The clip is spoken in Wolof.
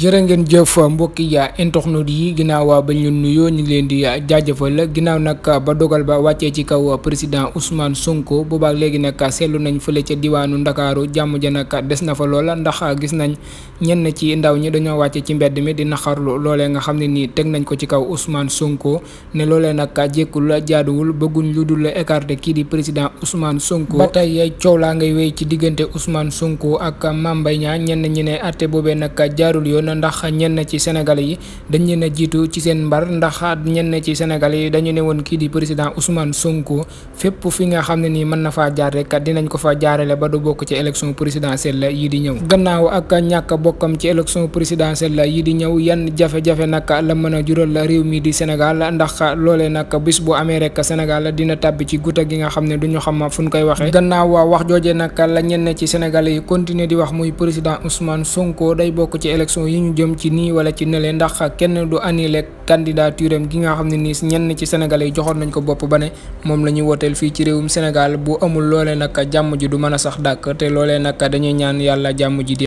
jere ngeen jeuf mbokk ya internet yi ginaaw ba ñu nuyo ñu leen di jaajeufal ginaaw nak ba dogal ba wacce ci kaw president Ousmane Sonko boobaak legi nak selu nañ fele ci diwanu Ndakaaru jamu ja nag des na fa loola ndax gis nañ ñenn ci ndaw ñi dañoo wacce ci mbedd mi di naxarlu loolee nga xamni ni tek nañ ko ci kaw Ousmane Sonko ne loolee nag jékkul jaaduwul bëgguñ lu dul écarté ki di président Ousmane Sonko ba tey ngay wéy ci digënté Ousmane Sonko ak Mame ñaan ñi ne bobé nak jaarul yoon ndax ñenn ci Sénégalais yi dañu ne woon kii di président Ousmane Sonko na faa jaar rek ko fa jaarale ba du bokk ci élection présidentielle yi di ñëw gannaaw ak di ñëw yan jafe la mën a jural réew mi di Sénégal ndax loolee nag bis bu amee rek Sénégal dina tàbbi ci guta gi nga xam ne duñu xam fu ñu koy waxee gannaaw wax jooje nag la ñenn ci Sénégalais yi di day bokk ci élection élection yi ñu jëm ci nii wala ci nële ndax kenn du anile candidature am gi nga xam ne nii ñenn ci sénégalais yi joxoon nañ ko bopp ba ne moom la ñuy wooteel fii ci réewum Sénégal bu amul loolee nag jàmm ji du mën a sax dàkk te loolee nag dañuy ñaan yàlla jàmm ji di